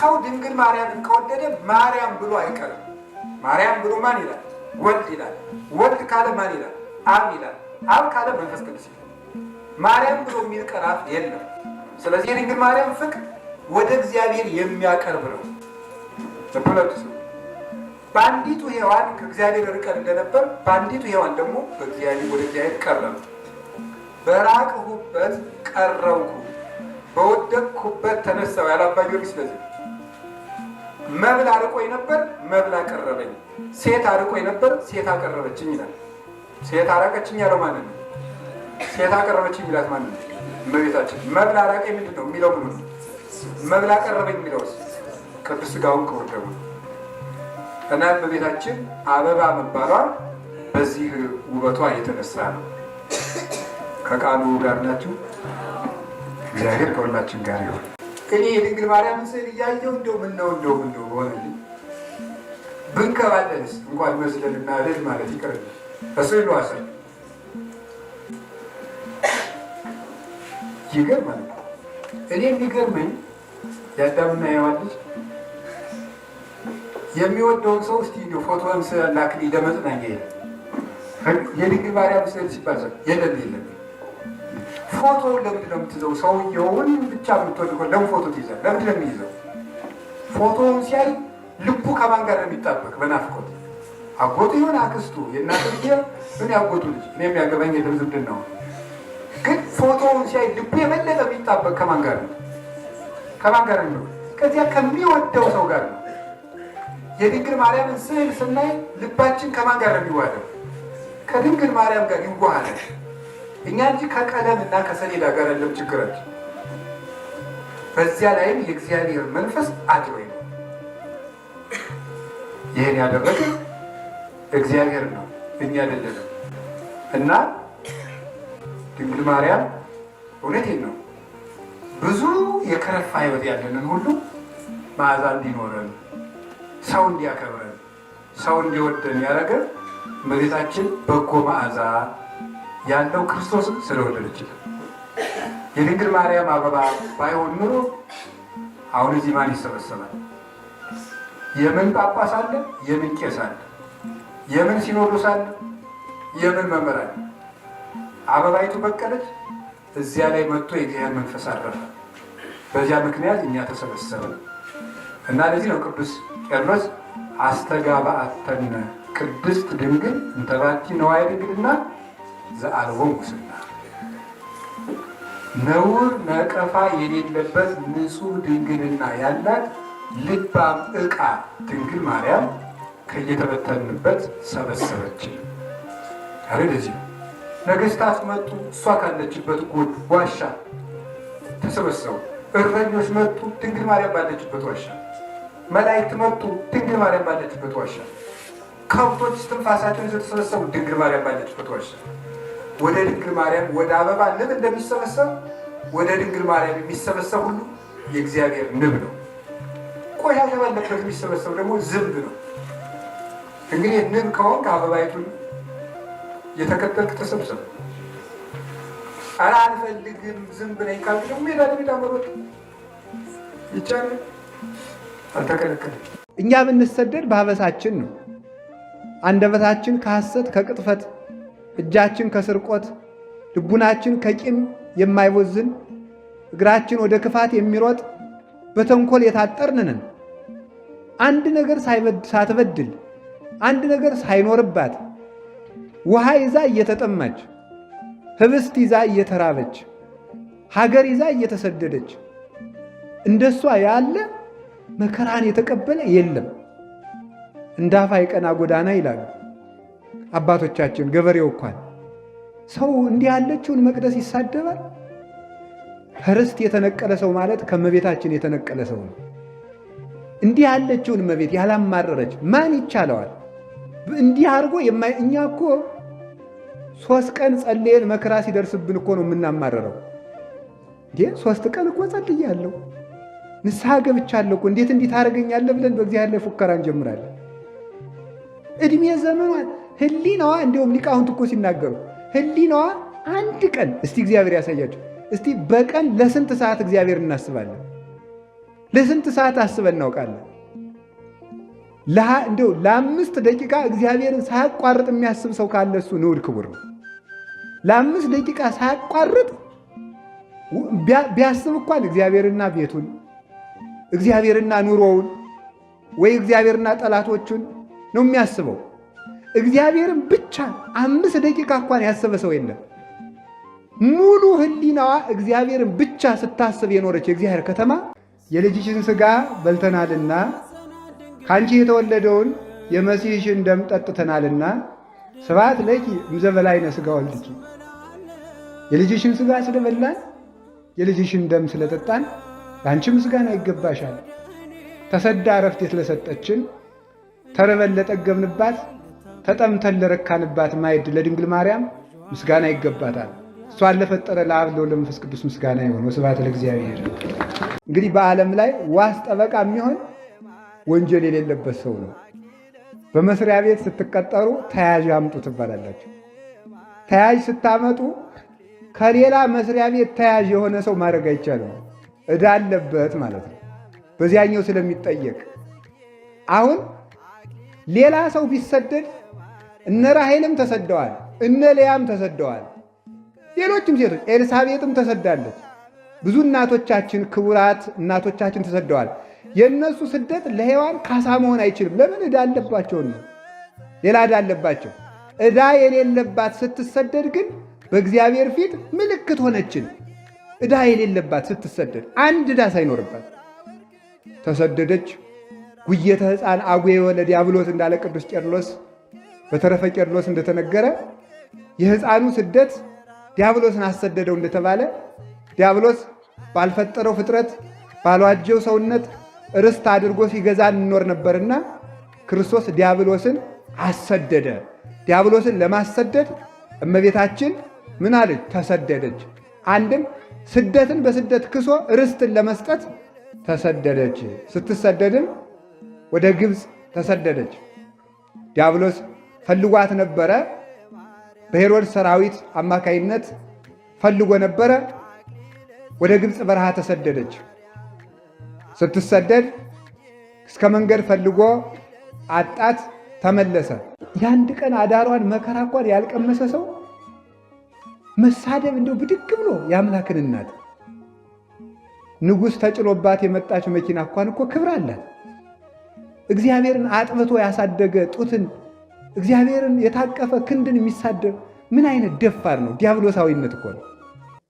ሰው ድንግል ማርያምን ከወደደ ማርያም ብሎ አይቀርም። ማርያም ብሎ ማን ይላል? ወልድ ይላል። ወልድ ካለ ማን ይላል? አብ ይላል። አብ ካለ መንፈስ ቅዱስ ይላል። ማርያም ብሎ የሚል ቀራት የለም። ስለዚህ የድንግል ማርያም ፍቅር ወደ እግዚአብሔር የሚያቀርብ ነው። በሁለቱ ሰው በአንዲቱ ሔዋን ከእግዚአብሔር ርቀን እንደነበር በአንዲቱ ሔዋን ደግሞ በእግዚአብሔር ወደ እግዚአብሔር ቀረብ። በራቅሁበት ቀረብኩ፣ በወደቅሁበት ተነሳው ያለ ጊዮርጊስ ስለዚህ መብል አርቆኝ ነበር፣ መብል አቀረበኝ። ሴት አርቆኝ ነበር፣ ሴት አቀረበችኝ ይላል። ሴት አራቀችኝ ያለው ማለት ነው። ሴት አቀረበችኝ የሚላት ማለት ነው። እመቤታችን መብል አራቀኝ ምንድን ነው የሚለው? ብሎ መብል አቀረበኝ የሚለውስ ቅዱስ ሥጋውን ክቡር እና እመቤታችን አበባ መባሏ በዚህ ውበቷ የተነሳ ነው። ከቃሉ ጋር ናችሁ። እግዚአብሔር ከሁላችን ጋር ይሆን። እኔ የድንግል ማርያም ስዕል እያየሁ እንደው ምነው እንደው ምነው በሆነ ብንከባለልስ እንኳን መስለልና እልል ማለት ይቅር በስዕሉ አሰር ይገርማል። እኔ የሚገርመኝ የአዳምና ሔዋን ልጅ የሚወደውን ሰው እስቲ እንደው ፎቶን ስላክል ለመጽናኛ የለም የድንግል ማርያም ስዕል ሲባል የለም የለም ፎቶ ለምንድን ነው የምትይዘው? ሰውየውን ብቻ የምትወድ ለም ፎቶ ትይዘ? ለምንድን ለሚይዘው የሚይዘው? ፎቶውን ሲያይ ልቡ ከማን ጋር ነው የሚጣበቅ? በናፍቆት አጎቱ ይሆን አክስቱ፣ የእናት ምን ያጎቱ ልጅ እኔ የሚያገባኝ የደም ዝምድና ነው። ግን ፎቶውን ሲያይ ልቡ የበለጠ የሚጣበቅ ከማን ጋር ነው? ከማን ጋር ነው? ከዚያ ከሚወደው ሰው ጋር ነው። የድንግል ማርያምን ስዕል ስናይ ልባችን ከማን ጋር ነው የሚዋደው? ከድንግል ማርያም ጋር ይዋሃላል። እኛ እንጂ ከቀለም እና ከሰሌዳ ጋር ያለው ችግራችን። በዚያ ላይም የእግዚአብሔር መንፈስ አድሮ ነው። ይህን ያደረገ እግዚአብሔር ነው፣ እኛ አይደለንም። እና ድንግል ማርያም እውነቴን ነው ብዙ የከረፋ ህይወት ያለንን ሁሉ መዓዛ እንዲኖረን ሰው እንዲያከብረን ሰው እንዲወደን ያደረገ እመቤታችን በጎ መዓዛ ያለው ክርስቶስ ስለወደደች የድንግል ማርያም አበባ ባይሆን ኑሮ አሁን እዚህ ማን ይሰበሰባል? የምን ጳጳስ አለ? የምን ቄስ አለ? የምን ሲኖዶስ አለ? የምን መምህር አለ? አበባይቱ በቀለች። እዚያ ላይ መጥቶ የእግዚአብሔር መንፈስ አረፈ። በዚያ ምክንያት እኛ ተሰበሰበ እና ለዚህ ነው ቅዱስ ቄርሎስ አስተጋባ አተነ ቅድስት ድንግል እንተባቲ ነዋይ ድንግልና ነውር ነቀፋ የሌለበት ንጹሕ ድንግልና ያላት ልባም ዕቃ ድንግል ማርያም ከየተበተንበት ሰበሰበች ያለ ነገስታት መጡ፣ እሷ ካለችበት ጎድ ዋሻ ተሰበሰቡ። እረኞች መጡ፣ ድንግል ማርያም ባለችበት ዋሻ። መላእክት መጡ፣ ድንግል ማርያም ባለችበት ዋሻ። ከብቶች ትንፋሳቸውን የተሰበሰቡ ድንግል ማርያም ባለችበት ዋሻ ወደ ድንግል ማርያም ወደ አበባ ንብ እንደሚሰበሰብ ወደ ድንግል ማርያም የሚሰበሰብ ሁሉ የእግዚአብሔር ንብ ነው። ቆሻሻ ባለበት የሚሰበሰብ ደግሞ ዝንብ ነው። እንግዲህ ንብ ከሆንክ አበባይቱን የተከተልክ ተሰብሰብ። ኧረ አልፈልግም ዝንብ ነኝ ካልክ ደግሞ ሜዳ ለሜዳ መሮጥ ይቻላል፣ አልተከለከለም። እኛ ብንሰደድ በአበሳችን ነው። አንደበታችን ከሐሰት ከቅጥፈት እጃችን ከስርቆት፣ ልቡናችን ከቂም የማይቦዝን፣ እግራችን ወደ ክፋት የሚሮጥ በተንኮል የታጠርንንን አንድ ነገር ሳትበድል አንድ ነገር ሳይኖርባት ውሃ ይዛ እየተጠማች ህብስት ይዛ እየተራበች ሀገር ይዛ እየተሰደደች እንደሷ ያለ መከራን የተቀበለ የለም። እንዳፋ የቀና ጎዳና ይላሉ። አባቶቻችን ገበሬው እንኳን ሰው እንዲህ ያለችውን መቅደስ ይሳደባል። ከርስት የተነቀለ ሰው ማለት ከመቤታችን የተነቀለ ሰው ነው። እንዲህ ያለችውን መቤት ያላማረረች ማን ይቻለዋል? እንዲህ አድርጎ እኛ እኮ ሶስት ቀን ጸልየን መከራ ሲደርስብን እኮ ነው የምናማረረው። እንዴ ሶስት ቀን እኮ ጸልያለሁ ንስሐ ገብቻለሁ እኮ እንዴት እንዲህ ታደርገኛለህ ብለን በእግዚአብሔር ላይ ፉከራ እንጀምራለን። እድሜ ዘመኗን ህሊናዋ እንዲሁም ሊቃውንት እኮ ሲናገሩ ህሊናዋ አንድ ቀን እስቲ እግዚአብሔር ያሳያቸው። እስቲ በቀን ለስንት ሰዓት እግዚአብሔር እናስባለን? ለስንት ሰዓት አስበን እናውቃለን? እንዲ ለአምስት ደቂቃ እግዚአብሔርን ሳያቋርጥ የሚያስብ ሰው ካለ እሱ ንዑድ ክቡር ነው። ለአምስት ደቂቃ ሳያቋርጥ ቢያስብ እንኳን እግዚአብሔርና ቤቱን፣ እግዚአብሔርና ኑሮውን ወይ እግዚአብሔርና ጠላቶቹን ነው የሚያስበው። እግዚአብሔርን ብቻ አምስት ደቂቃ እንኳን ያሰበ ሰው የለም። ሙሉ ህሊናዋ እግዚአብሔርን ብቻ ስታስብ የኖረች የእግዚአብሔር ከተማ የልጅሽን ስጋ በልተናልና ከአንቺ የተወለደውን የመሲሕሽን ደም ጠጥተናልና ስብሐት ለኪ ምዘበላይነ ስጋ ወልድኪ። የልጅሽን ስጋ ስለበላን የልጅሽን ደም ስለጠጣን ለአንቺ ምስጋና ይገባሻል። ተሰዳ እረፍት ስለሰጠችን ተርበን ለጠገብንባት ተጠምተን ለረካንባት ማዕድ ለድንግል ማርያም ምስጋና ይገባታል። እሷን ለፈጠረ ለአብ ለወልድ ለመንፈስ ቅዱስ ምስጋና ይሆን። ወስብሐት ለእግዚአብሔር። እንግዲህ በዓለም ላይ ዋስ ጠበቃ የሚሆን ወንጀል የሌለበት ሰው ነው። በመስሪያ ቤት ስትቀጠሩ ተያዥ አምጡ ትባላላችሁ። ተያዥ ስታመጡ ከሌላ መስሪያ ቤት ተያዥ የሆነ ሰው ማድረግ አይቻልም። እዳ አለበት ማለት ነው፣ በዚያኛው ስለሚጠየቅ። አሁን ሌላ ሰው ቢሰደድ እነ ራሄልም ተሰደዋል፣ እነ ሊያም ተሰደዋል። ሌሎችም ሴቶች ኤልሳቤጥም ተሰዳለች። ብዙ እናቶቻችን ክቡራት እናቶቻችን ተሰደዋል። የእነሱ ስደት ለሔዋን ካሳ መሆን አይችልም። ለምን እዳ አለባቸው ነው ሌላ እዳ አለባቸው። እዳ የሌለባት ስትሰደድ ግን በእግዚአብሔር ፊት ምልክት ሆነችን። እዳ የሌለባት ስትሰደድ አንድ እዳ ሳይኖርባት ተሰደደች። ጉየተ ሕፃን አጉ የወለድ ያብሎት እንዳለ ቅዱስ ቄርሎስ በተረፈ ቄርሎስ እንደተነገረ የሕፃኑ ስደት ዲያብሎስን አሰደደው እንደተባለ ዲያብሎስ ባልፈጠረው ፍጥረት ባልዋጀው ሰውነት ርስት አድርጎ ሲገዛ እንኖር ነበርና ክርስቶስ ዲያብሎስን አሰደደ። ዲያብሎስን ለማሰደድ እመቤታችን ምን አለች? ተሰደደች። አንድም ስደትን በስደት ክሶ ርስትን ለመስጠት ተሰደደች። ስትሰደድም ወደ ግብፅ ተሰደደች። ዲያብሎስ ፈልጓት ነበረ። በሄሮድስ ሰራዊት አማካይነት ፈልጎ ነበረ። ወደ ግብፅ በረሃ ተሰደደች። ስትሰደድ እስከ መንገድ ፈልጎ አጣት። ተመለሰ። የአንድ ቀን አዳሯን መከራ እንኳን ያልቀመሰ ሰው መሳደብ እንደው ብድግ ብሎ የአምላክን እናት ንጉሥ ተጭኖባት የመጣች መኪና እንኳን እኮ ክብር አላት። እግዚአብሔርን አጥብቶ ያሳደገ ጡትን እግዚአብሔርን የታቀፈ ክንድን የሚሳደብ ምን አይነት ደፋር ነው? ዲያብሎሳዊነት እኮ ነው።